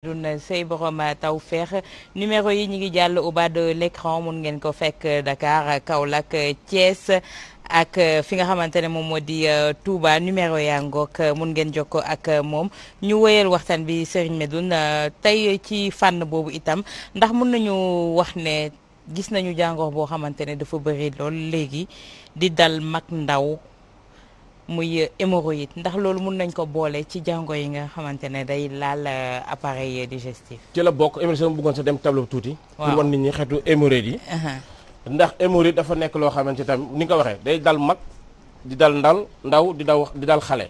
dun sey borom taw feex numéro yi ñi ngi jàll au bas de mun ngeen ko fekk Dakar Kaolack Thiès ak euh, fi nga xamante ne moom moo di euh, Touba numéro yaa ngoog euh, mun ngeen jog ko ak moom ñu wéyal waxtaan bi Serigne Medoune tey ci fànn boobu itam ndax mun nañu wax ne gis nañu jàngor boo xamante ne dafa bëri lool léegi di dal mag ndaw muy hémorroïde ndax loolu mun nañ ko boole ci jàngo yi nga xamante ne day laal euh, appareil digestif. ci la bokk émission bu bëggoon sa dem tableau tuuti. waaw pour wan nit ñi xeetu hémorroïde yi. Uh-huh. ndax hémorroïde dafa nekk loo xamante tam ni nga ko waxee day dal mag di dal ndal ndaw di daw di dal xale.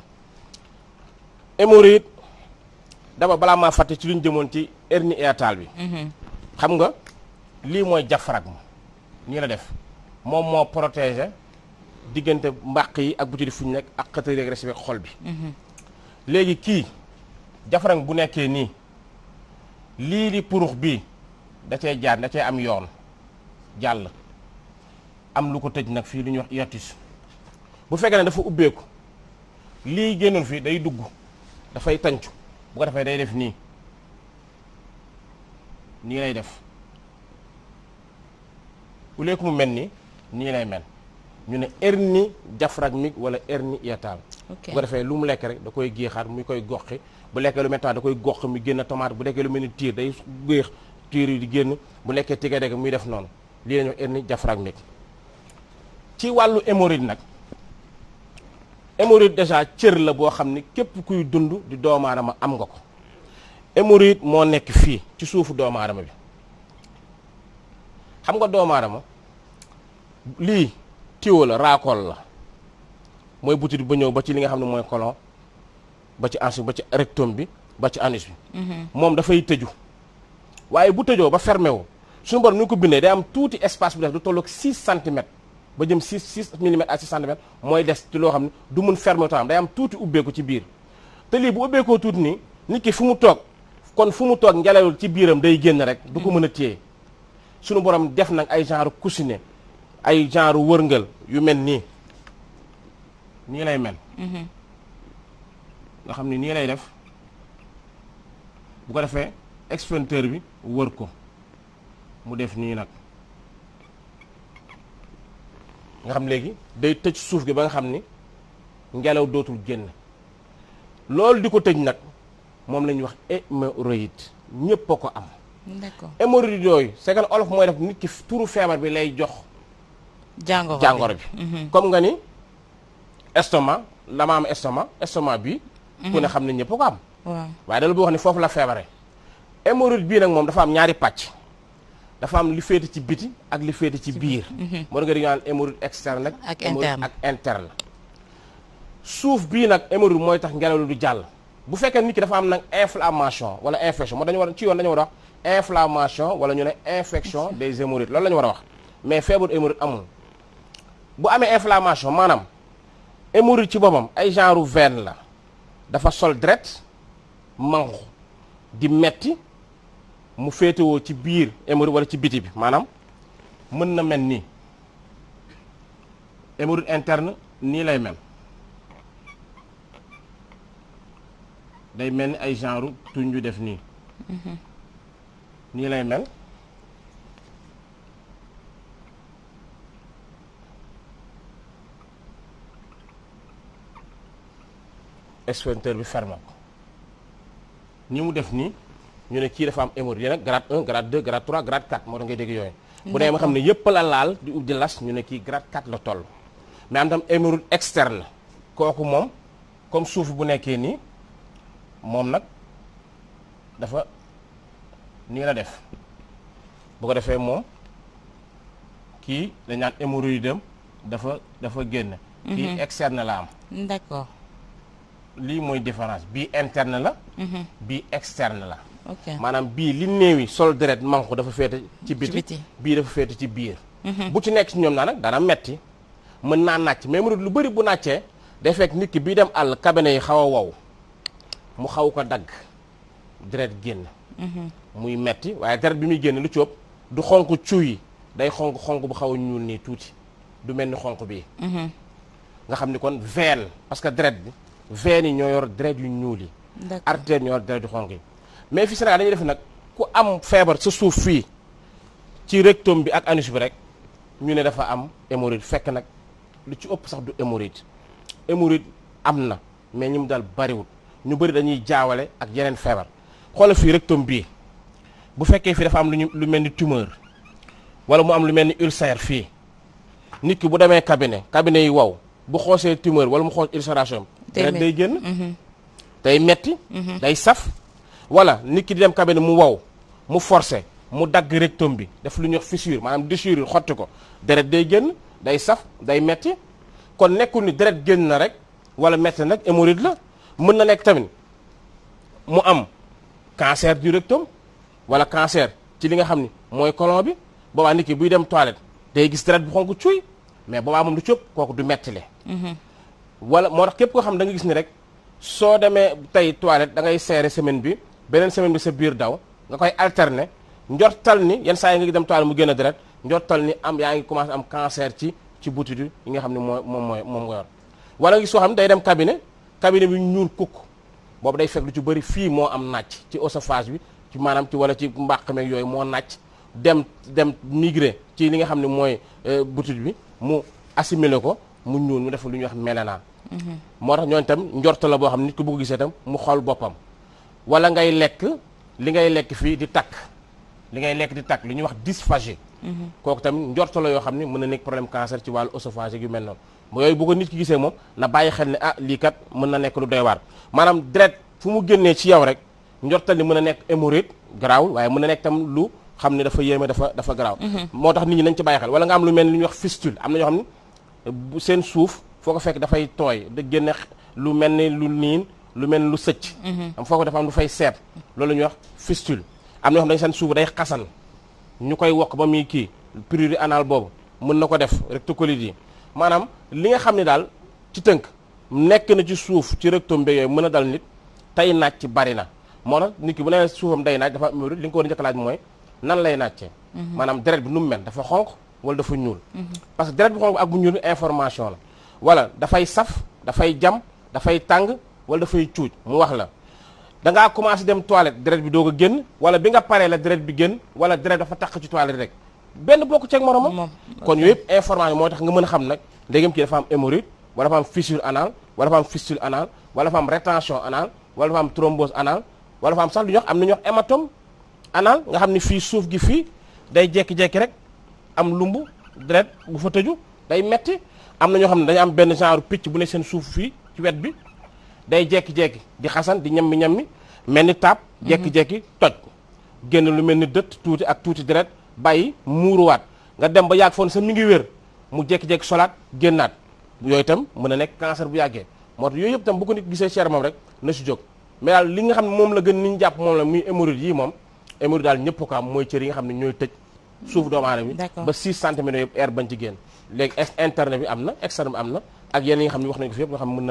hémorroïde dama balaa maa fàtte ci luñ jëmoon ci hernie hiatale bi. Uh-huh. xam nga lii mooy diaphragme nii la def moom moo protéger. diggante mbàq yi ak butéeli fu ñu nekk ak xëtër yi ak respect xol bi. Mhm. léegi kii jafarang bu nekkee nii lii di purux bi da cee jaar da cee am yoon jàll am lu ko tëj nag fii lu ñuy wax hiatus bu fekkee ne dafa ubbeeku lii génnoon fii day dugg dafay tancu bu ko defee day def nii nii lay def uleeku mu mel ni nii lay mel. ñu ne hernie diaphragmique wala hernie hiatale bu ko defee lu mu lekk rek da koy géexaat mu koy goxi bu lekkee lu méttan da koy gox mu génn tomate bu lekkee lu mel ni tiir day géex tiir yi di génn bu lekkee tiga dégg muy def noonu lii la ñuy wax ci wàllu hémorroïde nag hémorroïde déjà cër la boo xam ne képp kuy dund di doomaadama am nga ko hémorroïde moo nekk fii ci suufu doomu aadama bi xam nga doomaadama aadama lii tiwo la raakool la mooy butit ba ñëw ba ci li nga xam ne mooy colon ba ci anus ba ci rectum bi ba ci anus bi mhm. moom dafay tëju waaye bu tëjoo ba fermé wu suñu borom ni ko bindee day am tuuti espace bu def du tolloog 6 centimètres ba jëm 6 6 millimètres à 6 centimètres mooy des ci loo xam ne du mun fermé tam day am tuuti ubbeeku ci biir te lii bu ubbeekoo tuuti nii nit ki fu mu toog kon fu mu toog ngelawul ci biiram day génn rek du mhm. mën a téye suñu borom def nag ay genre coussinet ay genre wërngël yu mel nii nii lay mel mhm. nga xam ni nii lay def bu ko defee expenteur bi wër ko mu def nii nag nga xam léegi day tëj suuf gi ba nga xam ni ngelaw dootul génn loolu di ko tëj nag moom la ñuy wax hémorroïde ñëpp ko am d'accord hémorroïde yooyu c'est que olof mooy def nit ki turu feebar bi lay jox jàngoro bi mhm. comme nga ni estomac dama am estomac estomac bi ku ne mhm. xam ne ñëpp ko am waaye dala bu wax ni foofu la feebare hémorroïde bii nag moom dafa am ñaari pàcc dafa am li féete ci biti ak li féete ci biir mhm. moo nga di naan hémorroïde externe ak interne ak interne suuf bii nag hémorroïde mooy tax ngelaw lu du jàll bu fekkee nit ki dafa am nag inflammation wala infection moo dañu war ci yoon dañu war a wax inflammation wala ñu ne infection des hémorroïdes loolu la ñu war a wax mais feebaru hémorroïde amul bu amee inflammation maanaam hémorroïde ci boppam ay genre veine la dafa sol deret manqu di metti mu féetewoo ci biir hémorroïde wala ci biti bi maanaam mën na mel nii hémorroïde interne nii lay mel day mel ni ay genre tuñ ñu def nii mhm. nii lay mel extincteur bi ferme ko ni mu def nii ñu ne kii dafa am hémorroïde nag grade 1 grade 2 grade 3 grade 4 moo tax ngay dégg yooyu. bu dee ma xam ne yëpp la laal di ubbi las ñu ne kii grade 4 la toll. mais am tam hémorroïde externe kooku moom comme suuf bu nekkee nii moom nag dafa nii la def bu ko defee moom kii dañ naan yi dem dafa dafa génn. Mhm. kii externe la am. lii mooy différence bii interne la mhm. bii externe la maanaam bii li néewi sol deret manko dafa féete ci biti bii dafa féete ci biir mhm. bu ci nekk ci ñoom naa nag dana metti mën naa nàcc mais mu lu bëri bu nàccee day fekk nit ki bii dem àll cabine yi xaw a wow mu xaw ko dagg deret génn mhm. muy metti waaye deret bi muy génn lu ci ëpp du xonk cuuy day xonk xonk bu xaw ñuul nii tuuti du mel ni xonk bii nga xam ni kon veine parce deret bi veines yi ñoo yor deret yu ñuul yi. artères ñoo yor deret yu xonq yi. mais fi Sénégal dañuy def nag ku am feebar sa suuf fii ci rectum bi ak anus bi rek ñu ne dafa am hémorroïde fekk nag lu ci ëpp sax du hémorroïde hémorroïde am na mais ñi mu daal bariwul ñu bëri dañuy jaawale ak yeneen feebar xoolal fii rectum bii bu fekkee fii dafa am lu ñu lu mel ni tumeur wala mu am lu mel ni ulcère fii nit ki bu demee cabinet cabinet yi wow bu xoosee tumeur wala mu xoos ulcération deret day génn day metti mm-hmm. mm-hmm. day saf wala nit ki di dem cabinet mu wow mu forcé mu dagg rectum bi def lu ñuy wax fissure maanaam déchirure xotti ko deret day génn day saf day metti kon nekkul ni deret génn na rek wala metti nag hémorroïde la mën na nekk tamit mu am cancer du rectum wala cancer ci li nga xam ni mooy colon bi boobaa nit ki buy dem toilette day gis deret bu xonk cuy mais boobaa moom du cëpp kooku du mettile mm-hmm. wala moo tax képp koo xam da nga gis ni rek soo demee tey toilette dangay ngay seere semaine bi beneen semaine bi sa biir daw nga koy alterner njortal ni yenn saa yi nga dem toilette mu génn deret njortal ni am yaa ngi commencé am cancer ci ci butitu yi nga xam ne mooy moom moom nga wala nga soo xam day dem cabinet cabinet bi ñuul kukk boobu day fekk lu ci bëri fii moo am nàcc ci oesophage bi ci maanaam ci wala ci mbàq meeg yooyu moo nàcc dem dem migré ci li nga xam ne mooy euh, butit bi mu assimiler ko mu ñuul mu def lu ñuy wax melanaan mhm. moo tax ñooñu tam njort la boo xam nit ku bëgg gisee tam mu xool boppam wala ngay lekk li ngay lekk fii di takk li ngay lekk di takk lu ñu wax dysphagie mhm. kooku tam njort la yoo xam ne mën na nekk problème cancer ci wàllu œsophagique yu mel noonu mu yooyu bu ko nit ki gisee moom na bàyyi xel ne ah lii kat mën na nekk lu doy maanaam deret fu mu génnee ci yow rek njortal ni mën a nekk hémorroïde garaawul waaye mën na nekk tam lu xam ne dafa yéeme dafa dafa mhm. na seen suuf foo ko fekk dafay tooy da génne lu mel ni lu niin lu mel ni lu sëcc. Mhm. am foo ko dafa am lu fay seet. loolu la wax fistule am na yoo xam ne seen suuf day xasan ñu koy wokk ba muy kii prurit anal boobu mën na ko def rectocolite yi maanaam li nga xam ne daal ci tënk nekk na ci suuf ci rectum bi yooyu mën a dal nit tey naaj ci bari na moo tax nit ki bu nee suufam day naaj dafa am li nga ko war a njëkk laaj mooy nan lay naajte. Mhm. maanaam deret bi nu mu mel dafa xonq. wala dafa ñuul. parce que deret bu xonq ak bu ñuul information la. wala dafay saf dafay jam dafay tàng wala dafay cuuj mu wax la da ngaa commencé dem toilette deret bi doog a génn wala bi nga paree la deret bi génn wala deret dafa taq ci toilette rek benn bokku ceeg moromam. kon yooyu yëpp information moo tax nga mën a xam nag ndegem kii dafa am hémorroïde wala dafa am fissure anale wala dafa am fistule anale wala dafa am rétention anale wala dafa am thrombose anale wala dafa lu ñuy am na ñuy wax hématome nga xam ni fii suuf gi fii day jékki rek am lumb deret bu fa tëju day metti am na ñoo xam ne dañu am benn genre picc bu ne seen suuf fii ci wet bi day jekki-jekki di xasan di ñammi ñammi mel ni taab mhm. jekki-jekki toj génn lu mel ni dëtt tuuti ak tuuti deret bàyyi muuruwaat nga dem ba yàgg foon sa mu ngi wér mu jekki-jekki solaat génnaat yooyu itam mën a nekk cancer bu yàggee moo tax yooyu yëpp itam bu ko nit gisee cher moom rek na si jóg mais daal li nga xam moom la gën ni ñu jàpp moom la muy hémorroïde yi moom hémorroïde daal mooy yi nga xam ne ñooy tëj suufu doomu aadama bi ba 6 centimètres yëpp air bañ ci génn léegi interne bi am na externe bi am na ak yenn yi nga xam ne wax nañu ko fi yëpp nga xam mën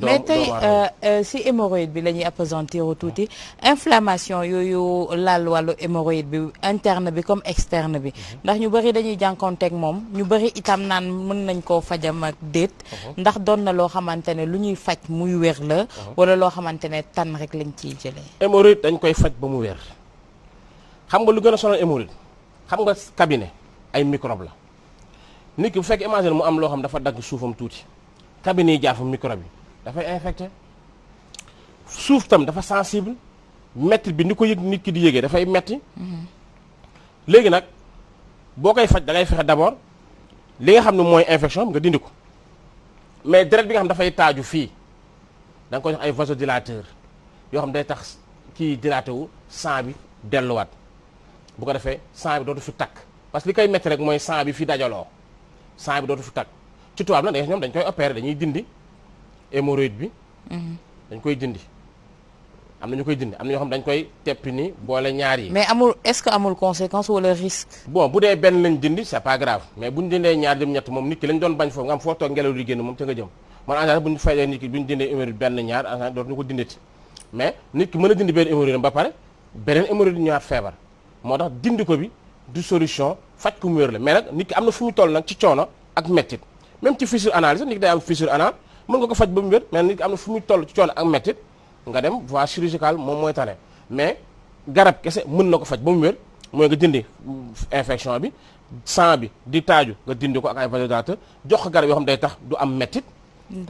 mais euh, euh, si hémorroïde bi la ñuy appesantir tuuti inflammation yooyu laal wàllu hémorroïde bi interne bi comme externe bi mhm. ndax ñu bëri dañuy jànkonteeg moom ñu bëri itam naan mën nañ koo fajam ak déet mhm. ndax doon na loo xamante ne lu ñuy faj muy wér la mhm. wala loo xamante ne tan rek lañ ci jëlee hémorroïde dañ koy faj ba mu wér xam nga lu gën a sonal hémorroïde xam nga cabinet ay microbe la nit ki bu fekk imagine mu am loo xam dafa dagg suufam tuuti cabinet yi jaafam microbe yi dafay infecté suuf tam dafa sensible metti bi ni ko yëg nit ki di yëgee dafay metti mhm. léegi nag boo koy faj da ngay fexe d'abord li nga xam ne mooy infection nga dindi ko mais deret bi nga xam dafay taaju fii da nga ko jox ay vasodilateur yoo xam day tax kii dilaté wu bi delluwaat bu ko defee sang bi dootu fi takk parce que li koy métti rek mooy sang bi fi dajaloo sang bi dootu fi takk ci tubaab nag ñoom dañ koy opérer dañuy dindi hémorroïde bi. Mhm. dañ koy dindi am na ñu koy dindi am teppi ni boole ñaar yi. mais amul est-ce que bu dee benn lañ dindi c'est pas grave mais bu ñaar jëm ñett moom nit ki lañ doon bañ foofu nga am foo toog ngelaw li génn moom ñu fayee nit ki bu en général dootuñu ko dinditi mais nit ki mën a dindi benn hémorroïde ba pare beneen hémorroïde ñaar feebar moo tax dindi ko bi du solution faj ko mu wér la mais nag nit ki am na fu mu toll nag ci coono ak mettit même ci fissure anale sax nit ki day am fissure anale mën nga ko faj ba mu wér mais nit am na fu toll ci coono ak mettit nga dem voie chirurgicale moom mooy tane mais garab kese mën na ko faj ba mu wér mooy nga dindi infection bi sang bi di taaju nga dindi ko ak ay vasodilateur jox ko garab yoo xam day tax du am mettit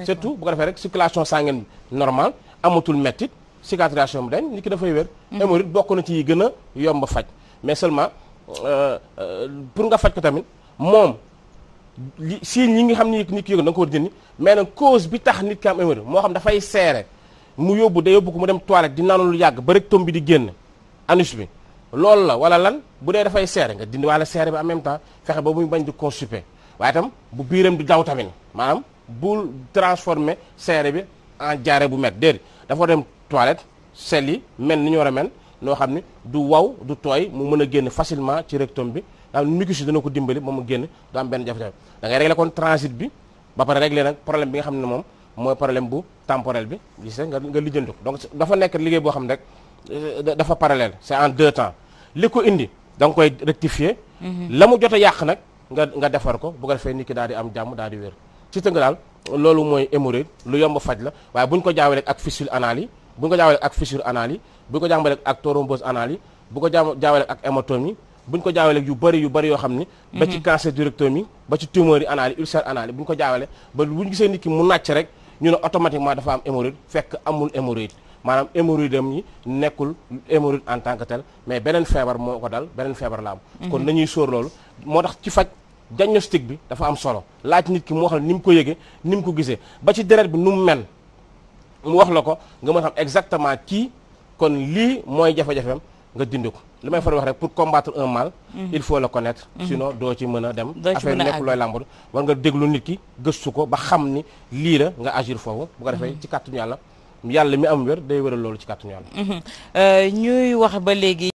surtout bu ko defee rek circulation sanguine bi normal amatul mettit cicatrisation bi dañ nit ki dafay wér mhm. hémorroïde bokk na ci yi gën a yomba faj mais seulement euh, euh, pour nga faj ko tamit moom li signes yi nga xam ni nit ki yëg na nga ko war jëndi mais nag cause bi tax nit ki am hémorroïde moo xam dafay seere mu yóbbu da yóbbu ko mu dem toilette di naanu lu yàgg ba rectum bi di génn anus bi loolu la wala lan bu dee dafay seere nga dindi wala seere bi en même temps fexe ba muy bañ di constipé waaye itam bu biiram di daw tamit maanaam bul transformé seere bi en jaare bu met déedéet dafa dem toilette sel yi mel ni ñu war a mel noo xam ne du waw du tooy mu mën a génn facilement ci rectum bi nga xam dana ko dimbali moom mu génn du am benn jafe-jafe da ngay kon transit bi ba pare régler nag problème bi nga xam ne moom mooy problème bu temporel bi gis nga nga lijjanti ko donc dafa nekk liggéey boo xam ne rek euh, dafa parallèle c'est en deux temps li ko indi da nga koy rectifier mhm. la mu jot a yàq nag nga nga defar ko bu ko defee nit daal di am jàmm daal di wér ci tënk daal loolu mooy lu yomb la waaye bu ko jaawee rek ak fissure anale yi bu ñu ko jaawee rek bu ñu ko jàmbalee ak thrombose anal yi bu ko jaawalee ak hématome yi bu ñu ko jaawalee yu bëri yu bëri yoo xam ni mhm. ba ci cancer du rectum yi ba ci tumeur yi anal yi ulcère anal yi bu ñu ko jaawalee ba bu ñu gisee nit ki mu nàcc rek ñu ne automatiquement dafa am hémorroïde fekk amul hémorroïde maanaam hémorroïde am yi nekkul hémorroïde en tant que tel mais beneen feebar moo ko dal beneen feebar la am mhm. kon nañuy sóor loolu moo tax ci faj diagnostic bi dafa am solo laaj nit ki mu wax la ni mu ko yëgee ni mu ko gisee ba ci deret bi nu mu mel mu wax la ko nga mën xam exactement kii kon lii mooy jafe-jafeem nga dindi ko li may faral wax rek pour combattre un mal mm-hmm. il faut le connaître mm-hmm. sinon doo ci mën a dem affaire nekk looy làmbatu war nga déglu nit ki gëstu ko ba xam ni lii la nga agir foofu bu ko defee mm-hmm. ci kàttanu yàlla yàlla mi am wér day wéral loolu ci kàttanu yàlla euh, ñuy wax ba léegi